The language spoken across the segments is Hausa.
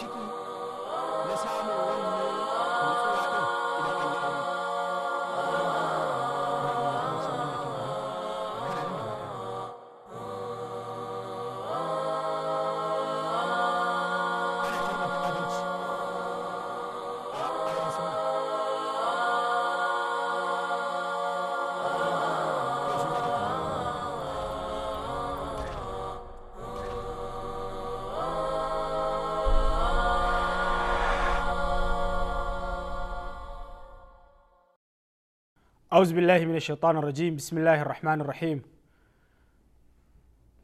마시고 auzu billahi min shaitanir rajim rahmanir rahim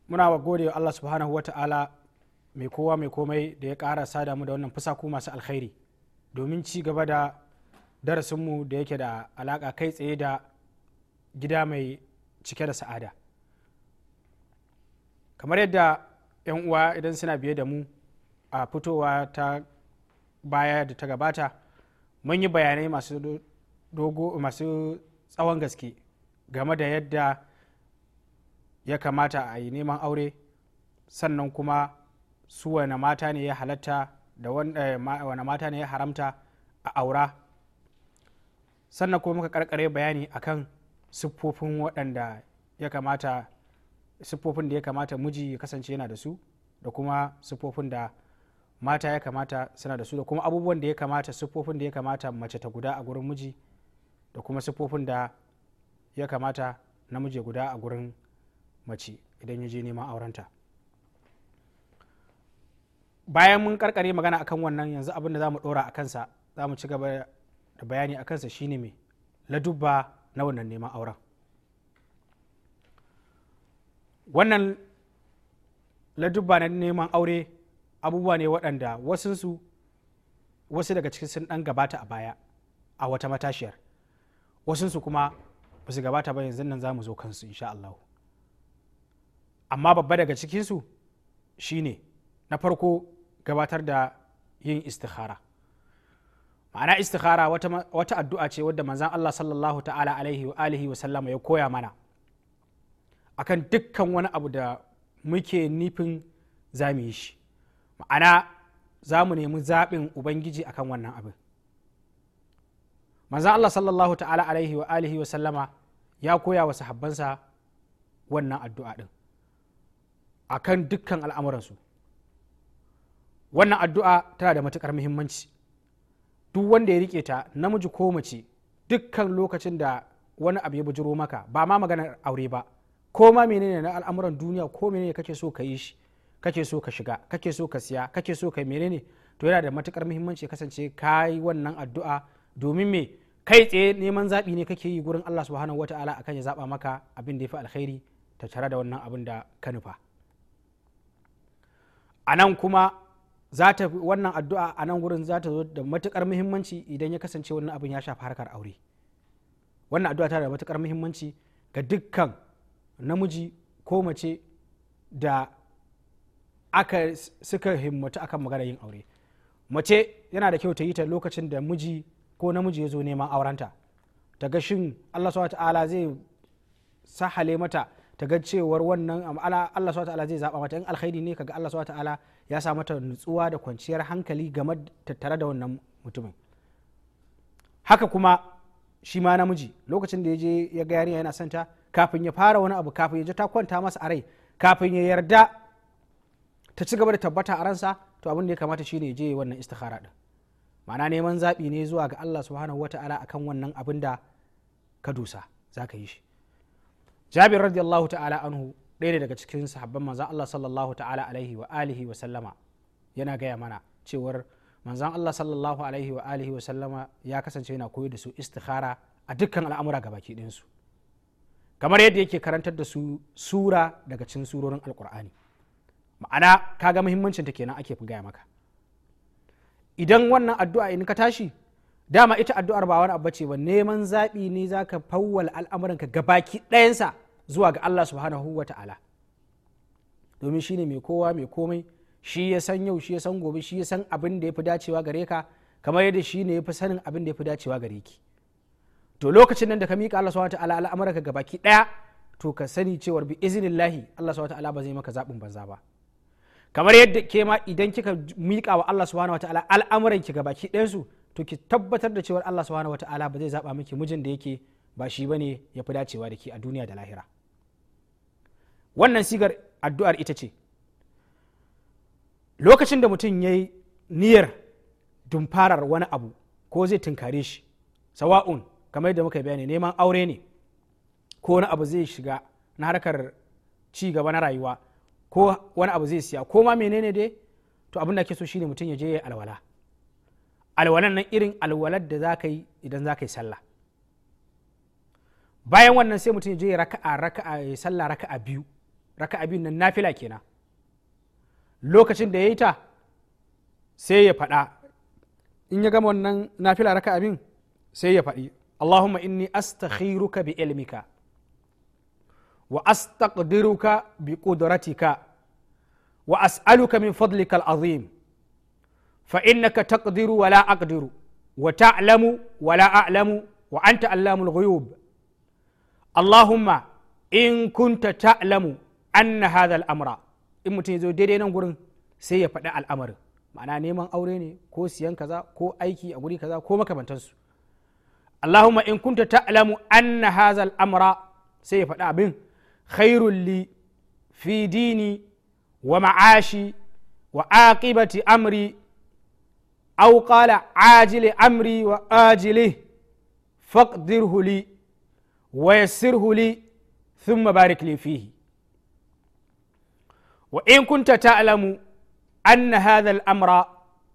muna wa gode Allah subhanahu wa ta'ala mai kowa mai komai da ya kara sada mu da wannan fasaku masu alkhairi domin ci gaba da mu da yake da alaka kai tsaye da gida mai cike da sa'ada kamar yadda 'yan uwa idan suna biye da mu a fitowa ta baya da ta gabata mun yi bayanai masu dogo masu tsawon gaske game da yadda ya kamata a yi neman aure sannan kuma su wane mata ne ya halatta da eh, wane mata ne ya haramta a aura sannan kuma muka karkare bayani akan siffofin waɗanda ya kamata siffofin da ya kamata miji ya kasance yana da su da kuma siffofin da mata ya kamata suna da su da kuma abubuwan da ya kamata siffofin da ya kamata mace ta guda a gurin miji da kuma siffofin da ya kamata namiji guda a gurin mace idan ya je neman aurenta bayan mun karkare magana akan wannan yanzu abin da za mu dora a kansa za mu ci gaba da bayani a kansa shine mai ladubba na wannan neman auren wannan ladubba na neman aure abubuwa ne waɗanda wasu daga cikin sun ɗan gabata a baya a wata matashiyar wasunsu kuma ba su gabata ba yanzu nan za mu zo kansu insha Allah amma babba daga cikinsu shine na farko gabatar da yin istikhara ma'ana istikhara wata addu'a ce wadda manzan Allah sallallahu ta'ala alaihi wa alihi sallama ya koya mana akan dukkan wani abu da muke nufin za mu yi shi ma'ana za mu nemi zaɓin ubangiji akan wannan abin maza Allah sallallahu ta'ala alaihi wa alihi wa sallama ya koya wa sahabbansa wannan addu'a din akan dukkan al'amuransu wannan addu'a tana da matukar muhimmanci duk wanda ya rike ta namiji ko mace dukkan lokacin da wani abu ya bujiro maka ba ma maganar aure ba ko ma menene na al'amuran duniya ko menene kake so ka yi shi kake so ka shiga kake so ka siya kake so ka menene to yana da matukar muhimmanci kasance ka yi wannan addu'a domin me kai tsaye neman zaɓi ne kake yi gurin Allah subhanahu ta'ala akan ya zaɓa maka abin da ya fi alkhairi ta tare da wannan abin da ka nufa a nan kuma za ta wannan addu'a a nan gurin za ta zo da matukar muhimmanci idan ya kasance wannan abin ya shafi harkar aure wannan addu'a tana da matukar muhimmanci ga dukkan namiji ko mace da aka suka himmatu akan magana yin aure mace yana da kyau ta yi ta lokacin da miji ko namiji ya zo neman aurenta ta ga shin allah swt zai sahale mata ta ga cewar wannan allah swt zai zaba mata in alkhairi ne kaga allah swt ya sa mata nutsuwa da kwanciyar hankali game tattare da wannan mutumin haka kuma shi ma namiji lokacin da ya je ya ga yarinya yana santa kafin ya fara wani abu kafin ya je ta kwanta masa a rai kafin ya yarda ta ci gaba da tabbata a ransa to abin da ya kamata shine ya je wannan istikhara din ma'ana neman zaɓi ne zuwa ga Allah subhanahu wa ta'ala akan wannan abin da ka dusa za ka yi shi jabir radiyallahu ta'ala anhu ɗaya ne daga cikin sahabban manzan Allah sallallahu ta'ala alaihi wa alihi wa sallama yana gaya mana cewar manzan Allah sallallahu alaihi wa alihi wa sallama ya kasance yana koyar da su istikhara a dukkan al'amura ga baki ɗinsu kamar yadda yake karantar da su sura daga cikin surorin alkur'ani ma'ana kaga muhimmancin ta kenan ake fi gaya maka idan wannan addu'a in ka tashi dama ita addu'ar ba wani abu ce ba neman zaɓi ne za ka fawwal ka gabaki ɗayansa zuwa ga Allah subhanahu wa ta'ala domin shi ne mai kowa mai komai shi ya san yau shi ya san gobe shi ya san abin da ya fi dacewa gare ka kamar yadda shi ne ya fi sanin abin da ya fi dacewa gare ki to lokacin nan da ka miƙa Allah subhanahu wa ta'ala ka gabaki ɗaya to ka sani cewa bi iznillahi Allah subhanahu wa ta'ala ba zai maka zaɓin banza ba kamar yadda ke ma idan kika miƙa wa Allah subhanahu wataala al'amuran ki gaba ɗayan su to ki tabbatar da cewa Allah subhanahu wataala ba zai zaba miki mijin da yake ba shi bane ya fi dacewa da ki a duniya da lahira wannan sigar addu'ar ita ce lokacin da mutum ya yi niyyar dumfarar wani abu ko zai tunkare shi sawa'un kamar yadda muka bayani neman aure ne ko wani abu zai shiga na harkar ci gaba na rayuwa ko wani abu zai siya ko ma menene dai to abin da ke so shine mutum ya je ya alwala alwalan nan irin alwalar da zaka yi idan zaka yi sallah bayan wannan sai mutum ya je raka'a raka'a ya sallah raka'a biyu raka'a biyu nan nafila kenan lokacin da ya yi ta sai ya faɗa in ya gama wannan nafila raka'a bin sai ya faɗi allahumma inni astakhiruka bi ilmika wa astaqdiruka bi qudratika wa as'aluka min fadlika al'azim fa innaka takdiru wa la aqdiru wa ta'lamu wa la a'lamu wa anta allamul ghuyub allahumma in kunta ta'lamu anna hadha al'amra in mutum ya zo daidai nan gurin sai ya faɗi al'amarin ma'ana neman aure ne ko siyan kaza ko aiki a guri kaza ko makamantansu allahumma in kunta ta'lamu anna hadha al'amra sai ya faɗi abin خير لي في ديني ومعاشي وعاقبة أمري أو قال عاجل أمري وآجله فاقدره لي ويسره لي ثم بارك لي فيه وإن كنت تعلم أن هذا الأمر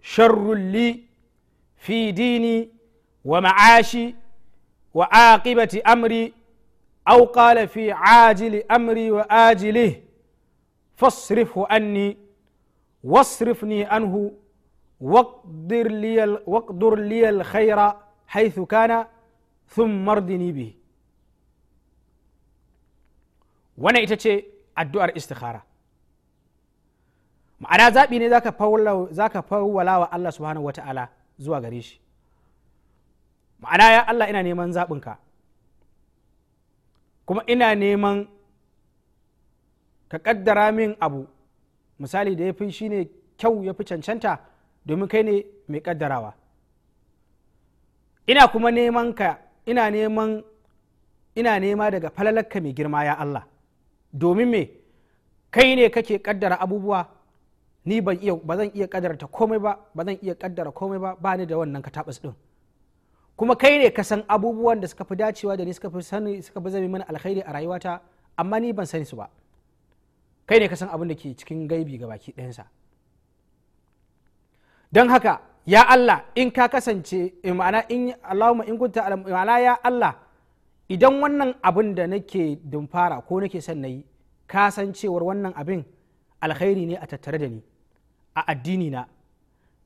شر لي في ديني ومعاشي وعاقبة أمري أو قال في عاجل أمري وآجله فاصرفه عني واصرفني عنه واقدر لي واقدر لي الخير حيث كان ثم اردني به ita ce addu'ar istikhara ma'ana zaɓi ne za ka fawwala wa Allah subhanahu wa ta'ala zuwa gare shi ma'ana ya Allah ina neman zaɓinka kuma ina neman ka kaddara min abu misali da ya fi shi ne kyau ya fi cancanta domin kai ne mai kaddarawa ina kuma neman ka ina neman ina nema daga falalarka mai girma ya Allah domin me kai ne kake kaddara abubuwa ni ban iya ba zan iya ta komai ba ba zan iya kaddara komai ba ba ni da wannan ka katabas din kuma kai ne ka san abubuwan da suka fi dacewa da ni suka fi sani suka fi zami mana alkhairi a rayuwata amma ni ban sani su ba kai ne ka san abin da ke cikin gaibi ga baki ɗayansa don haka ya Allah in ka kasance eh, ma'ana in Allahumma in kunta ma'ana ya Allah idan wannan abin da nake dumfara ko nake son nayi ka san cewar wannan abin alkhairi ne a tattare da ni a addini na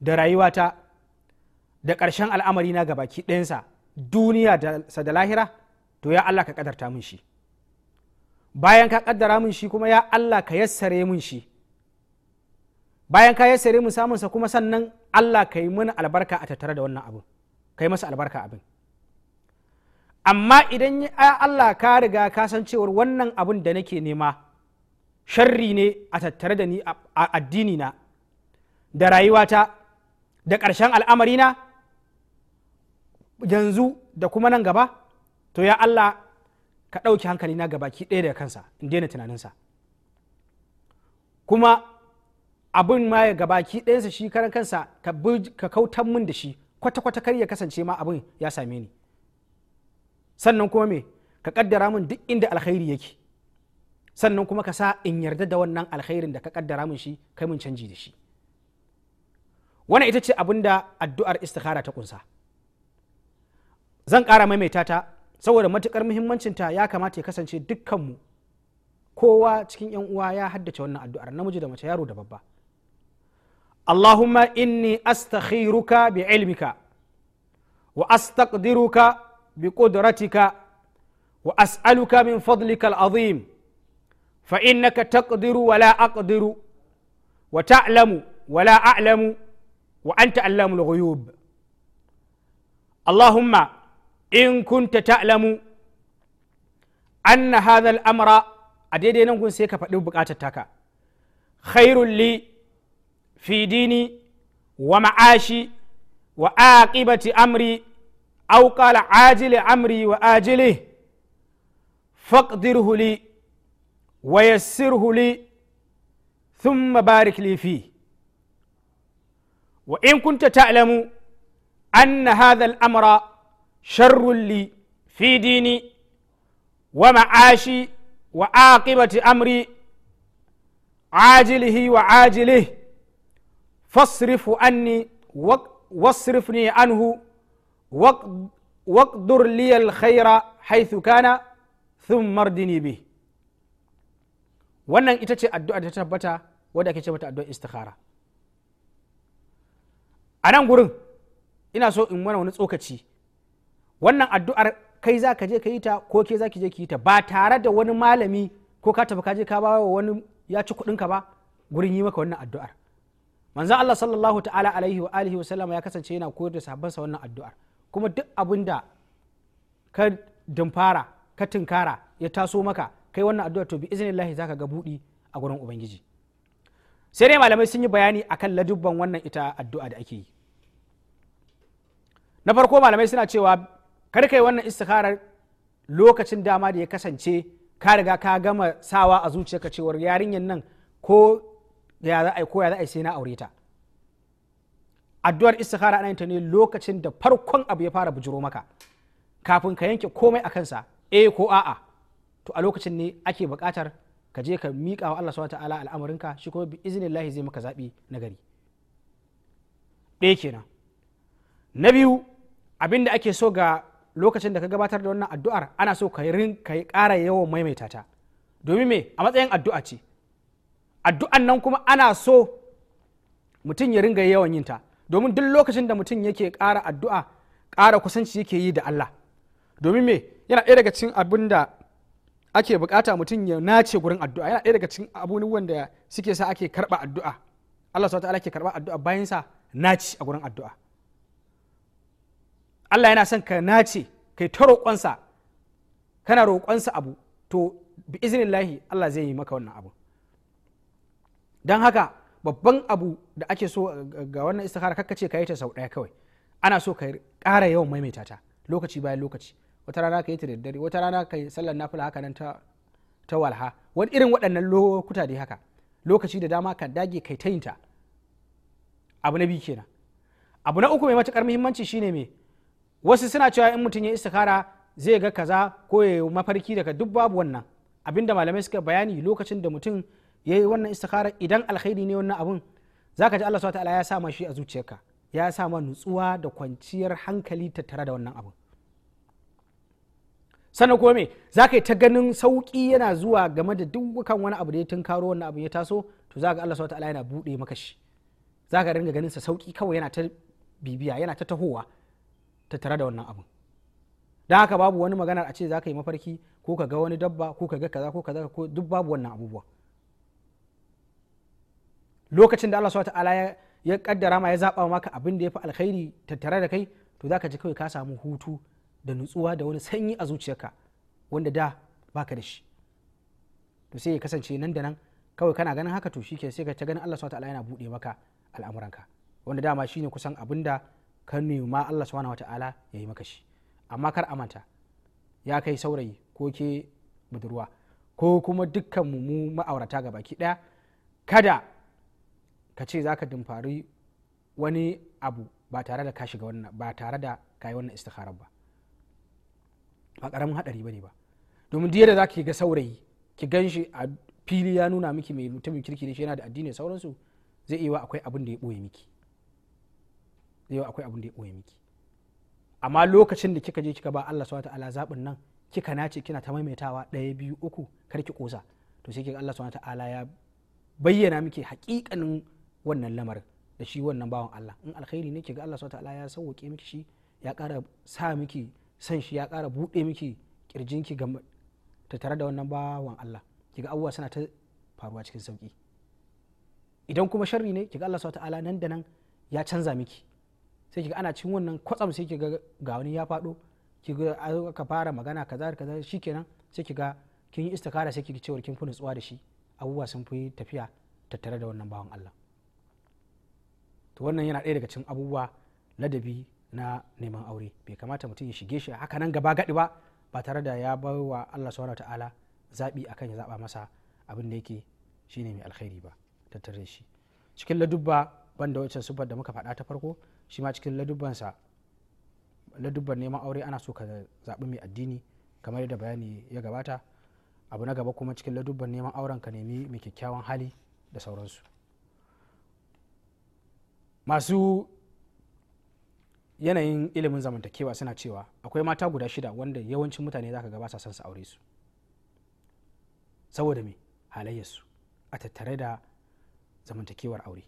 da rayuwata da ƙarshen al'amari na ga baki ɗayansa duniya da lahira to ya Allah ka ƙadarta min shi bayan ka ƙaddara mun shi kuma ya Allah ka yassare mun shi bayan ka yassare samun sa kuma sannan Allah ka yi mana albarka a tattare da wannan abin ka yi masa albarka abin amma idan ya Allah ka riga ka san cewar wannan abin da nake nema sharri ne a tattare da ni a addini na da rayuwata da ƙarshen al'amarina yanzu da kuma nan gaba to ya allah ka ɗauki hankali na ki ɗaya da kansa in daina tunaninsa kuma abin ma ya gabaki ɗayansa shi karan kansa ka kautan min da shi kwata-kwata kar ya kasance ma abin ya same ni sannan kuma me ka ƙaddara min duk inda alkhairi yake sannan kuma ka sa in yarda da wannan alkhairin da ka kaddara min shi kai mun canji da shi wannan ita ce abin da addu'ar istikhara ta kunsa zan ƙara maimaita ta saboda matukar muhimmancinta ya kamata ya kasance dukkanmu kowa cikin 'yan uwa ya haddace wannan addu'ar namiji da mace yaro da babba allahumma inni astakhiruka bi ilmika wa astaqdiruka bi qudratika wa as'aluka min fadlika al'azim fa innaka taqdiru wa la aqdiru wa ta'lamu wa la a'lamu wa anta allamul ghuyub allahumma in kunta ta'lamu anna hadha al'amra a daidai nan gun sai ka faɗi buƙatar taka khairul li fi dini wa ma'ashi wa aqibati amri aw qala ajili amri wa ajili faqdirhu li wa yassirhu li thumma barik li fi wa in kunta ta'lamu anna hadha al'amra sharrun li fi wa ma'ashi wa aqibati amri ajilihi wa ajilihi fasrifu anni anhu واقدر لي الخير حيث كان ثم اردني wannan ita ce addu'a da ta tabbata wadda ake ce mata addu'ar istikhara a nan gurin ina so in mana wani tsokaci wannan addu'ar kai za ka je ka yi ta ko ke za ki je ki yi ta ba tare da wani malami ko ka tafi ka je ka bawa wani ya ci kuɗin ka ba gurin yi maka wannan addu'ar manzon Allah sallallahu ta'ala alaihi wa alihi wa sallama ya kasance yana koyar da sa wannan addu'ar kuma duk abin da ka dumfara ka tinkara ya taso maka kai wannan addu'ar to bi iznillahi zaka ga budi a gurin ubangiji sai dai malamai sun yi bayani akan ladubban wannan ita addu'a da ake yi na farko malamai suna cewa kar kai wannan istikharar lokacin dama da ya kasance ka riga ka gama sawa a zuciyarka cewar yarinyar nan ko ya za a ko ya za a sai na aure ta addu'ar istikhara ana ta ne lokacin da farkon abu ya fara bujiro maka kafin ka yanke komai a kansa eh ko a'a to a lokacin ne ake buƙatar ka je ka miƙa wa Allah subhanahu ta'ala al'amarinka shi kuma bi iznillahi zai maka zaɓi na gari ɗaya kenan na biyu abin da ake so ga lokacin da ka gabatar da wannan addu'ar ana so ka yi ƙara yawan maimaita ta domin me a matsayin addu'a ce addu'an nan kuma ana so mutum ya ringa yawan yin ta domin duk lokacin da mutum yake ƙara addu'a ƙara kusanci yake yi da Allah domin me yana ɗaya daga cikin abin da ake bukata mutum ya nace gurin addu'a yana ɗaya daga cikin abubuwan da suke sa ake karɓa addu'a Allah subhanahu ta'ala ke karɓa addu'a bayan sa naci a gurin addu'a Allah yana son ka nace kai ta roƙonsa kana roƙonsa abu to bi lahi Allah zai yi maka wannan abu don haka babban abu da ake so ga wannan istikhara kakka ce ka yi ta sau ɗaya kawai ana so ka ƙara yawan maimaita ta lokaci bayan lokaci wata rana ka yi ta daddare wata rana ka yi sallar nafila haka nan ta walha wani irin waɗannan lokuta dai haka lokaci da dama ka dage kai ta yinta abu na biyu kenan abu na uku mai matuƙar muhimmanci shine mai wasu suna cewa in mutum ya istikara zai ga kaza ko ya mafarki daga duk babu wannan abinda malamai suka bayani lokacin da mutum ya yi wannan istikara idan alkhairi ne wannan abun ka ji Allah swt ya sa ma shi a zuciyarka ya sa ma nutsuwa da kwanciyar hankali tattara da wannan abun sannan kuma me ka yi ta ganin sauki yana zuwa game da dukkan wani abu da ya tunkaro wannan abu ya taso to za zaka Allah swt yana buɗe maka shi za ka ringa ganin sa sauki kawai yana ta bibiya yana ta tahowa tattare da wannan abin don haka babu wani magana a ce za ka yi mafarki ko ka ga wani dabba ko ka ga kaza ko kaza ko duk babu wannan abubuwa lokacin da Allah subhanahu ya kaddara ma ya zaba maka abin da ya fi alkhairi tattare da kai to zaka ji kawai ka samu hutu da nutsuwa da wani sanyi a zuciyarka wanda da baka da shi to sai ya kasance nan da nan kawai kana ganin haka to ke sai ka ta ganin Allah subhanahu ta'ala yana bude maka al'amuranka wanda dama shine kusan abin da ka nema Allah subhanahu wata'ala ya yi maka shi amma kar a manta ya kai saurayi ko ke budurwa ko kuma dukkan mu ma'aurata ga baki daya kada ka ce zaka dumfari wani abu ba tare da ka shiga wannan ba tare da ka yi wannan istikharar ba ba karamin hadari bane ba domin duk yadda zaka ga saurayi ki ganshi a fili ya nuna miki mai mutumin kirki ne shi yana da addini sauransu zai iya akwai abin da ya boye miki yau akwai abin da ya ɓoye miki amma lokacin da kika je kika ba Allah subhanahu wataala zabin nan kika nace kina ta maimaitawa ɗaya biyu uku kar ki kosa to sai kika Allah subhanahu wataala ya bayyana miki hakikanin wannan lamarin da shi wannan bawan Allah in alkhairi ne kiga Allah subhanahu wataala ya sauke miki shi ya ƙara sa miki san shi ya ƙara buɗe miki ƙirjin ga tattare da wannan bawan Allah kiga abubuwa suna ta faruwa cikin sauƙi idan kuma sharri ne kiga Allah subhanahu wataala nan da nan ya canza miki sai kiga ana cikin wannan kwatsam sai kiga ga wani ya faɗo kiga ka fara magana kaza kaza shikenan sai kiga kin yi istikara sai kiga cewa kin fi nutsuwa da shi abubuwa sun fi tafiya tattare da wannan bawan Allah to wannan yana ɗaya daga cikin abubuwa ladabi na neman aure bai kamata mutum ya shige shi haka nan gaba gadi ba ba tare da ya bai wa Allah subhanahu ta'ala zabi akan ya zaba masa abin da yake shine mai alkhairi ba tattare da shi cikin ladubba banda wacce sufar da muka faɗa ta farko shi ma cikin ladubbansa ladubban neman aure ana so ka zaɓi mai addini kamar da bayani ya gabata abu na gaba kuma cikin ladubban neman auren ka nemi mai kyakkyawan hali da sauransu masu yanayin ilimin zamantakewa suna cewa akwai mata guda shida wanda yawancin mutane za ka gaba sa son su aure su saboda mai halayyarsu a tattare da zamantakewar aure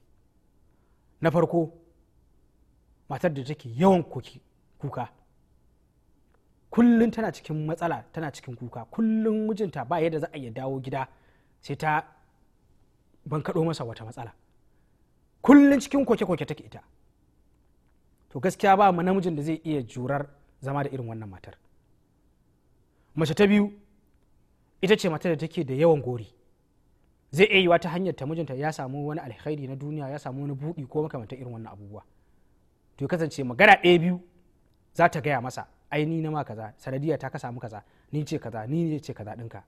na farko matar da take yawan kuka kullum tana cikin matsala tana cikin kuka kullum mijinta ba yadda za a iya dawo gida sai ta ban kaɗo masa wata matsala kullum cikin koke-koke take ita to gaskiya ba mu namijin da zai iya jurar zama da irin wannan matar mace ta biyu ita ce matar da take da yawan gori zai iya yiwa ta hanyar ta mijinta ya samu wani alkhairi na duniya ya samu wani buɗi ko makamantar irin wannan abubuwa to ya kasance magana ɗaya biyu za ta gaya masa ai ni na ma kaza sanadiyya ta kasa mu kaza ni ce kaza ni ne ce kaza ɗinka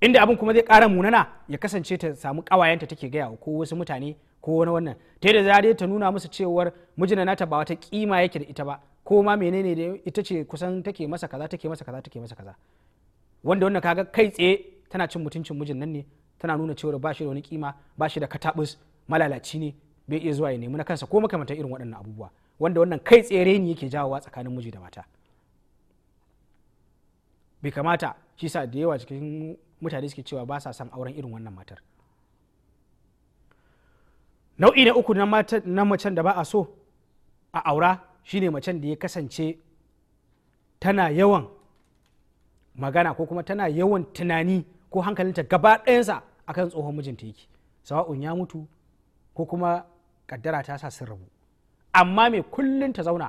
inda abin kuma zai ƙara munana ya kasance ta samu ƙawayenta take gaya ko wasu mutane ko wani wannan ta yadda za ta nuna musu cewar mijina ta ba wata kima yake da ita ba ko ma menene da ita ce kusan take masa kaza take masa kaza take masa kaza wanda wannan kaga kai tsaye tana cin mutuncin mijin nan ne tana nuna cewar ba shi da wani ƙima ba shi da katabus malalaci ne bai iya zuwa ya nemi na kansa ko makamantar irin waɗannan abubuwa wanda wannan kai tsere ne yake jawowa tsakanin miji da mata bai kamata shi sa da yawa cikin mutane suke cewa ba sa son auren irin wannan matar nau'i na uku na macen da ba a so a aura shine macen da ya kasance tana yawan magana ko kuma tana yawan tunani ko hankalinta gaba ɗayansa akan tsohon mijinta yake sawa'un ya mutu ko kuma kaddara ta sa sun rabu amma me kullun ta zauna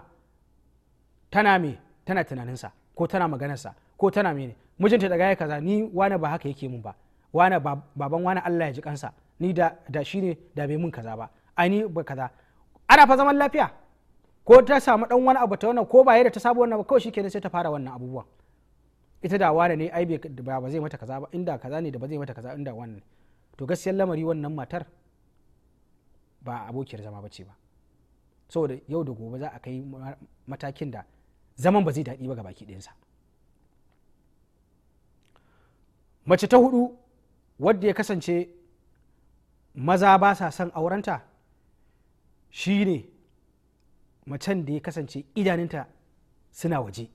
tana mai tana tunaninsa ko tana maganarsa ko tana mene mijinta daga ya kaza ni wane ba haka yake mun ba wane baban wane Allah ya ji kansa ni da da ne da bai mun kaza ba ani ba kaza ana fa zaman lafiya ko ta samu dan wani abu ta wannan ko ba yadda ta sabu wannan ba kawai shikenan sai ta fara wannan abubuwan ita da wane ne ai ba zai mata kaza ba inda kaza ne da ba zai mata kaza inda wannan to gaskiyar lamari wannan matar ba abokiyar zama ba ce ba saboda yau da gobe za a kai matakin da zaman ba zai daɗi ba ga baki ɗinsa mace ta hudu wadda ya kasance maza ba sa son aurenta shine macen da ya kasance idaninta suna waje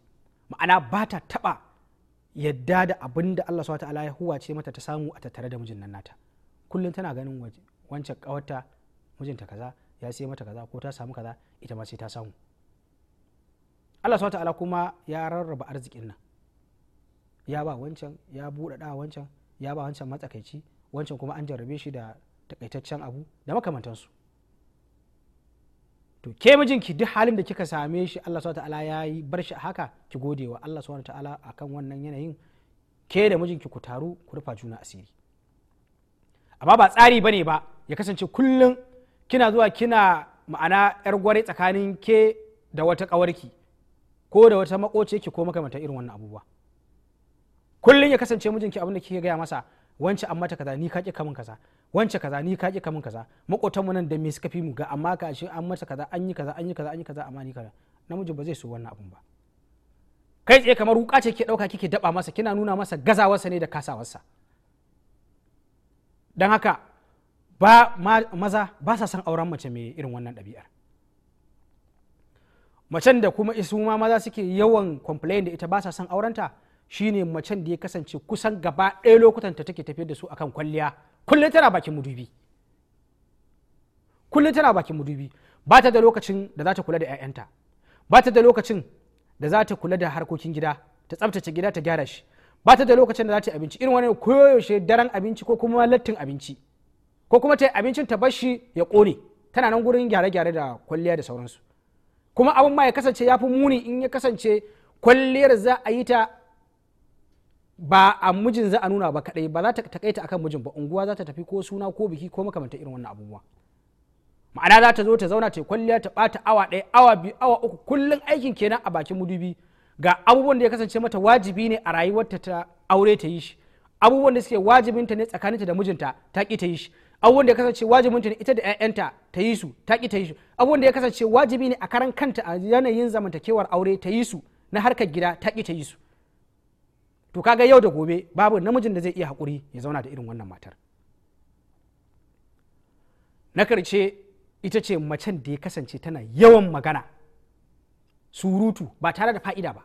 ma'ana ba ta taɓa yadda da abin da Allah ta'ala ya huwace mata ta samu a tattare da mijin nan nata kullum tana ganin wancan ƙawarta mijinta kaza ya sai mata kaza ko ta samu kaza ita ma sai ta samu Allah subhanahu ta'ala kuma ya rarraba arzikin nan ya ba wancan ya buɗaɗa wancan ya ba wancan matsakaici wancan kuma an jarrabe shi da takaitaccen abu da makamantansu to ke mijinki duk halin da kika same shi Allah subhanahu ta'ala ya yi bar shi haka ki gode wa Allah subhanahu ta'ala akan wannan yanayin ke da mijinki ku taru ku rufa juna asiri amma ba tsari bane ba ya kasance kullum kina zuwa kina ma'ana yar gwari tsakanin ke da wata kawarki ko da wata makoce ki ko makamantar irin wannan abubuwa kullum ya kasance mijinki abin da kike gaya masa wance an mata kaza ni ka ki kamun kaza wance kaza ni ka ki kamun kaza makotan mu nan da me suka fi mu ga amma ka shi an mata kaza an yi kaza an yi kaza an yi kaza amma ni kaza namiji ba zai so wannan abun ba kai tsaye kamar wuka ce ke dauka kike daba masa kina nuna masa gazawarsa ne da kasawarsa dan haka ba maza ba sa son auren mace mai irin wannan ɗabi'ar macen da kuma isu ma maza suke yawan complain da ita ba sa son aurenta shine macen da ya kasance kusan gaba ɗaya lokutan ta take tafiyar da su akan kwalliya kullum tana bakin mudubi kullum tana bakin mudubi ba ta da lokacin da za ta kula da 'ya'yanta ba ta da lokacin da za ta kula da harkokin gida ta tsabtace gida ta gyara shi ba ta da lokacin da za ta abinci irin wani koyaushe daren abinci ko kuma lattin abinci ko kuma ta yi abincin ta bar shi ya kone tana nan gurin gyare-gyare da kwalliya da sauransu kuma abin ma ya kasance ya fi muni in ya kasance kwalliyar za a yi ta ba a mijin za a nuna ba kadai ba za ta takaita akan mijin ba unguwa za ta tafi ko suna ko biki ko makamanta irin wannan abubuwa ma'ana za ta zo ta zauna ta kwalliya ta bata awa ɗaya awa biyu awa uku kullum aikin kenan a bakin mudubi ga abubuwan da ya kasance mata wajibi ne a rayuwarta ta aure ta yi shi abubuwan da suke wajibinta ne tsakaninta da mijinta ta ki ta yi shi abubuwan da ya kasance wajibin ta ita da 'ya'yanta ta yi su ta ki ta yi su abubuwan da ya kasance wajibi ne a karan kanta a yanayin zamantakewar aure ta yi su na harkar gida ta ki ta yi su to kaga yau da gobe babu namijin da zai iya hakuri ya zauna da irin wannan matar na karshe ita ce macen da ya kasance tana yawan magana surutu ba tare da fa'ida ba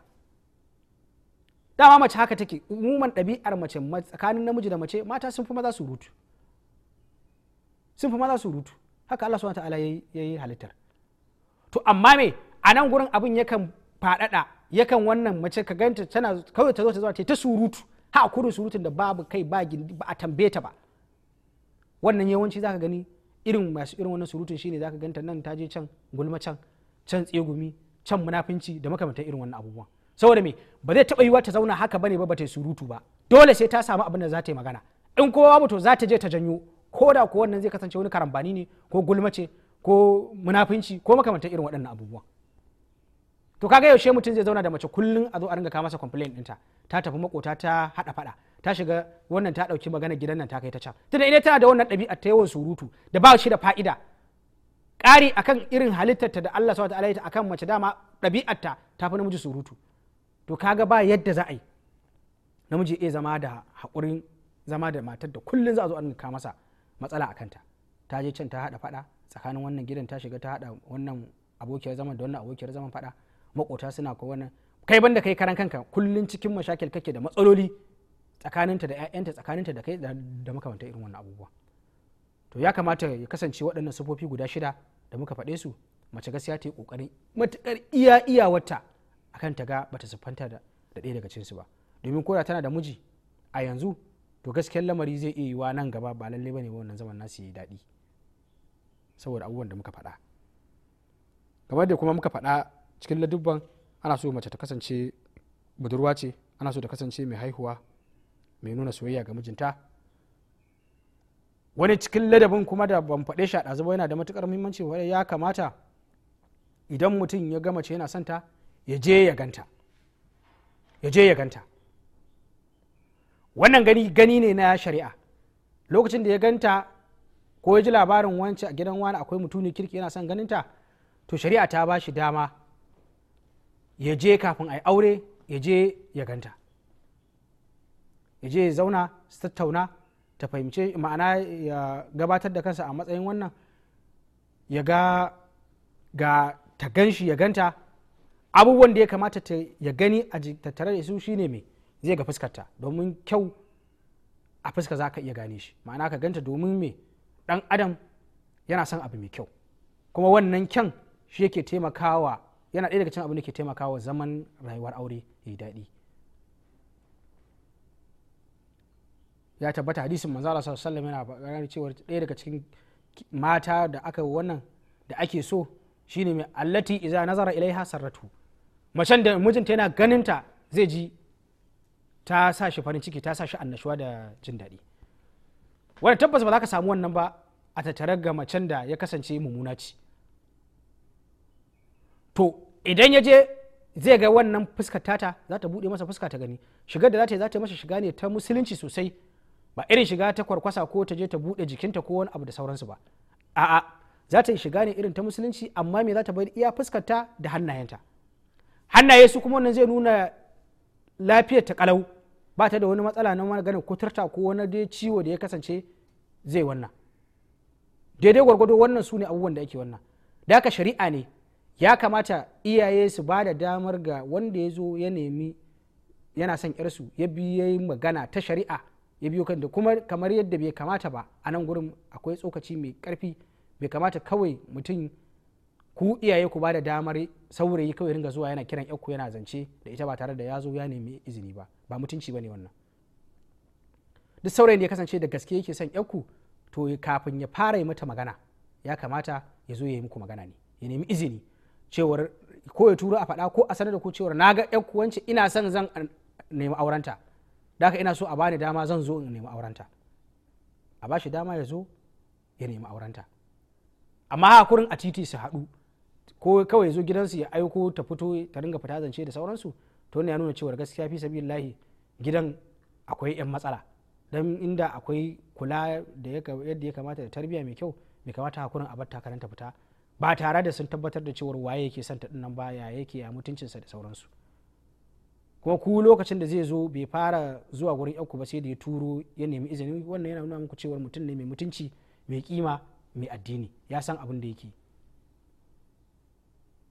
dama mace haka take umuman ɗabi'ar mace tsakanin namiji da mace mata sun fi maza surutu sun fi maza surutu haka Allah subhanahu ta'ala ya yi halittar to amma me a nan gurin abin yakan faɗaɗa yakan wannan mace ka ganta tana kawai ta zo ta zo ta ta surutu ha kudu surutun da babu kai ba ba a tambaye ta ba wannan yawanci zaka gani irin masu irin wannan surutun shine zaka ganta nan ta je can gulma can can tsegumi can munafinci da makamanta irin wannan abubuwan saboda me ba zai taɓa yiwa ta zauna haka bane ba ba ta surutu ba dole sai ta samu abin da za ta yi magana in kowa to za ta je ta janyo ko da ko wannan zai kasance wani karambani ne ko gulmace ko munafinci ko makamantar irin waɗannan abubuwa to kaga yaushe mutum zai zauna da mace kullum a zo a ringa kawo masa complain ɗinta ta tafi makota ta haɗa faɗa ta shiga wannan ta dauki magana gidan nan ta kai ta can tunda ina tana da wannan ɗabi'a ta yawan surutu da ba shi da fa'ida ƙari akan irin halittarta da Allah subhanahu wataala ya akan mace dama ɗabi'arta ta fi namiji surutu to kaga ba yadda za a yi namiji iya zama da haƙurin zama da matar da kullum za a zo an kama masa matsala a kanta ta je can ta haɗa faɗa tsakanin wannan gidan ta shiga ta haɗa wannan abokiyar zaman da wannan abokiyar zaman faɗa makota suna ko wannan kai banda kai karan kanka kullun cikin mashakil kake da matsaloli tsakaninta da 'ya'yanta tsakaninta da kai da makamanta irin wannan abubuwa to ya kamata ya kasance waɗannan sufofi guda shida da muka faɗe su mace gaskiya ta yi ƙoƙari matuƙar iya iya wata akan ta ga bata siffanta da ɗaya daga cinsu ba domin koda tana da miji a yanzu to gaskiya lamari zai iya yiwa nan gaba ba lalle bane wannan zaman nasu yi daɗi saboda abubuwan da muka faɗa kamar da kuma muka faɗa cikin ladubban ana so mace ta kasance budurwa ce ana so ta kasance mai haihuwa mai nuna soyayya ga mijinta wani cikin ladabin kuma da ban faɗe shi a ɗazu yana da matukar muhimmanci wanda ya kamata idan mutum ya ga mace yana santa ya je ya ganta ya je ya ganta wannan gani gani ne na shari'a lokacin da ya ganta ko ya ji labarin wance a gidan wani akwai mutumin kirki yana son ganinta to shari'a ta ba shi dama ya je kafin a yi aure ya je ya ganta ya je ya zauna su tattauna ta fahimce ma'ana ya gabatar da kansa a matsayin wannan ya ga ga ta gan shi ya ganta abubuwan da ya kamata ya gani a tattare da su shine mai zai ga fuskarta domin kyau a fuska za ka iya gane shi ma'ana ka ganta domin me dan adam yana son abu mai kyau kuma wannan kyan shi yake taimakawa yana ɗaya daga cikin abin da ke taimakawa zaman rayuwar aure ya yi daɗi ya tabbata hadisin manzo Allah sallallahu alaihi wasallam yana bayanin cewa ɗaya daga cikin mata da aka wannan da ake so shine mai allati iza nazara ilaiha sarratu macen da mijinta yana ganinta zai ji ta sa shi farin ciki ta sa shi annashuwa da jin daɗi wanda tabbas ba za ka samu wannan ba a tattare ga macen da ya kasance mummuna ce to idan ya je zai ga wannan fuskar tata za ta buɗe masa fuska ta gani shigar da za ta yi za ta masa shiga ne ta musulunci sosai ba irin shiga ta kwarkwasa ko ta je ta buɗe jikinta ko wani abu da sauransu ba a'a za ta yi shiga ne irin ta musulunci amma me za ta bari iya fuskarta da hannayenta hannaye su kuma wannan zai nuna lafiyar ta kalau ba ta da wani matsala na maganin kuturta ko wani dai ciwo da ya kasance zai wannan daidai gwargwado wannan su ne abubuwan da ake wannan da aka shari'a ne ya kamata iyaye su ba da damar ga wanda ya zo ya nemi yana son yarsu ya biya magana ta shari'a ya biyo kan da kuma kamar yadda bai kamata ba a nan gurin akwai tsokaci mai karfi bai kamata kawai mutum ku iyaye ku ba da damar saurayi kawai ringa zuwa yana kiran ku yana zance da ita ba tare da ya zo ya nemi izini ba ba mutunci ne wannan duk saurayin da ya kasance da gaske yake son ku. to kafin ya fara yi mata magana ya kamata ya zo ya yi muku magana ne ya nemi izini cewar ko ya tura a faɗa ko a sanar da ku cewar na ga ku wance ina son zan nemi aurenta da ina so a bani dama zan zo in nemi aurenta a ba shi dama ya zo ya nemi aurenta amma hakurin a titi su haɗu ko kawai zo gidansu ya aiko ta fito ta ringa fita zance da sauransu to ya nuna cewa gaskiya fi sabilillahi gidan akwai yan matsala dan inda akwai kula da yadda ya kamata da tarbiyya mai kyau bai kamata hakurin a batta ta fita ba tare da sun tabbatar da cewar waye yake son ta dinnan ba ya yake ya mutuncinsa da sauransu kuma ku lokacin da zai zo bai fara zuwa gurin yanku ba sai da ya turo ya nemi izini wannan yana nuna muku cewar mutum ne mai mutunci mai kima mai addini ya san abin da yake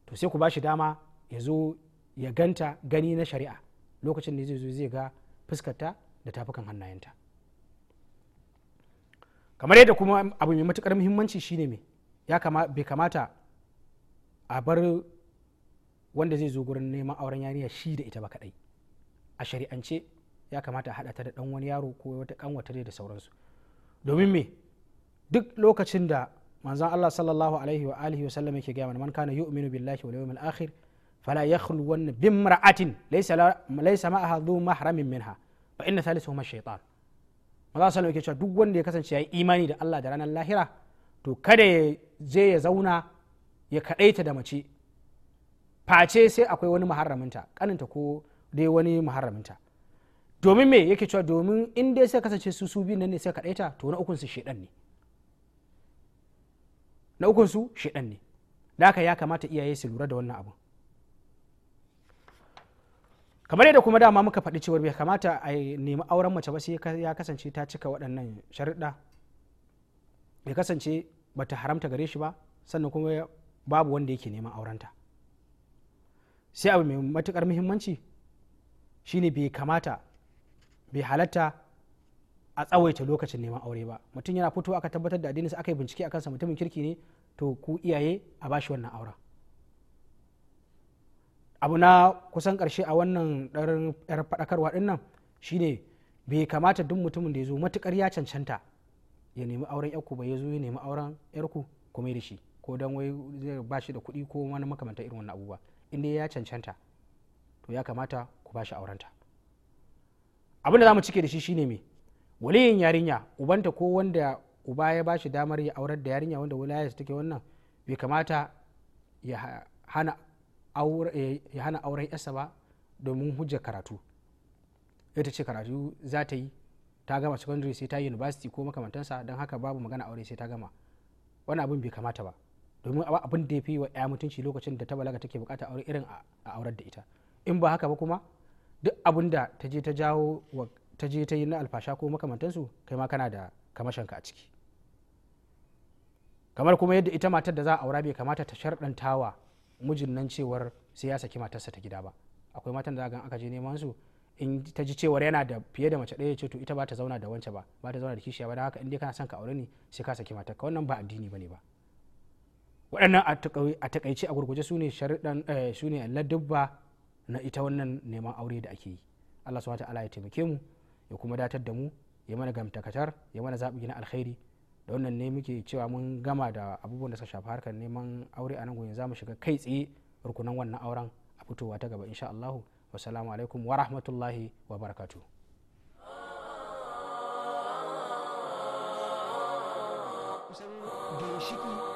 to sai ku ba shi dama ya zo ya ganta gani na shari'a lokacin da zai zo zai ga fuskarta da tafukan hannayenta kamar yadda kuma abu mai matukar muhimmanci shine me ya bai kamata a bar wanda zai zo gurin neman auren yariya shi da ita ba kadai a shari'ance ya kamata a haɗa ta da ɗan wani yaro ko wata kanwata da sauransu domin me duk lokacin da manzon Allah sallallahu alaihi wa alihi wa sallam yake gaya man kana yu'minu billahi wal yawmil akhir فلا يخلون بامرأة ليس ليس معها ذو محرم منها فإن ثالثهما الشيطان maza sallam yake cewa duk wanda ya kasance ya yi imani da Allah da ranar lahira to kada ya je ya zauna ya kaɗaita da mace face sai akwai wani muharraminta kaninta ko dai wani muharraminta domin me yake cewa domin in dai sai kasance su su biyun nan ne sai kaɗaita to na ukun su shaidan ne na ukun su shaidan ne da haka ya kamata iyaye su lura da wannan abu kamar yadda kuma dama muka faɗi cewar bai kamata a nemi auren mace ba sai ya kasance ta cika waɗannan sharuɗa ya kasance bata haramta gare shi ba sannan kuma babu wanda yake neman aurenta sai abu mai matukar muhimmanci shine bai kamata bai halatta a tsawaita lokacin neman aure ba mutum yana fito aka tabbatar da addininsa aka yi bincike akan sa mutumin kirki ne to ku iyaye a bashi wannan auren abu na kusan karshe a wannan 'yar faɗakarwa ɗin nan shine bai kamata duk mutumin da ya zo matukar ya cancanta ya nemi auren yarku ba ya zo ya nemi auren yarku kuma da shi ko dan wai zai ba shi da kuɗi ko wani makamantar irin wannan abubuwa inda ya cancanta to ya kamata ku ba shi aurenta abin da za mu cike da shi shine me waliyin yarinya ubanta ko wanda uba ya ba shi damar ya aurar da yarinya wanda su take wannan bai kamata ya hana ya hana auren yasa ba domin hujjar karatu ita ce karatu za ta yi ta gama secondary sai ta yi university ko makamantansa don haka babu magana aure sai ta gama wani abin bai kamata ba domin abin da ya fi wa ya mutunci lokacin da ta balaga take bukata aure irin a aurar da ita in ba haka ba kuma duk abin da ta je ta jawo ta je ta yi na alfasha ko makamantansu kai ma kana da kamashanka a ciki kamar kuma yadda ita matar da za a aura bai kamata ta sharɗantawa mijin nan cewar sai ya saki matarsa ta gida ba akwai matan da aka je neman su in ta ji cewar yana da fiye da mace ɗaya ce to ita ba ta zauna da wance ba ba ta zauna da kishiya ba da haka in dai kana son ka aure ni sai ka saki matar ka wannan ba addini bane ba waɗannan a takaice a gurguje su ne sharuɗan eh, su ne ladubba na ita wannan neman aure da ake yi Allah subhanahu wa ta'ala ya taimake mu ya kuma datar da mu ya mana gamtakatar ya mana zabi na alkhairi da wannan ne muke cewa mun gama da abubuwan da suka shafi harkar neman aure a nan gobe za mu shiga kai tsaye rukunan wannan auren a fitowa ta gaba insha Allahu salamu alaikum wa rahmatullahi wa barakatuh ginshiki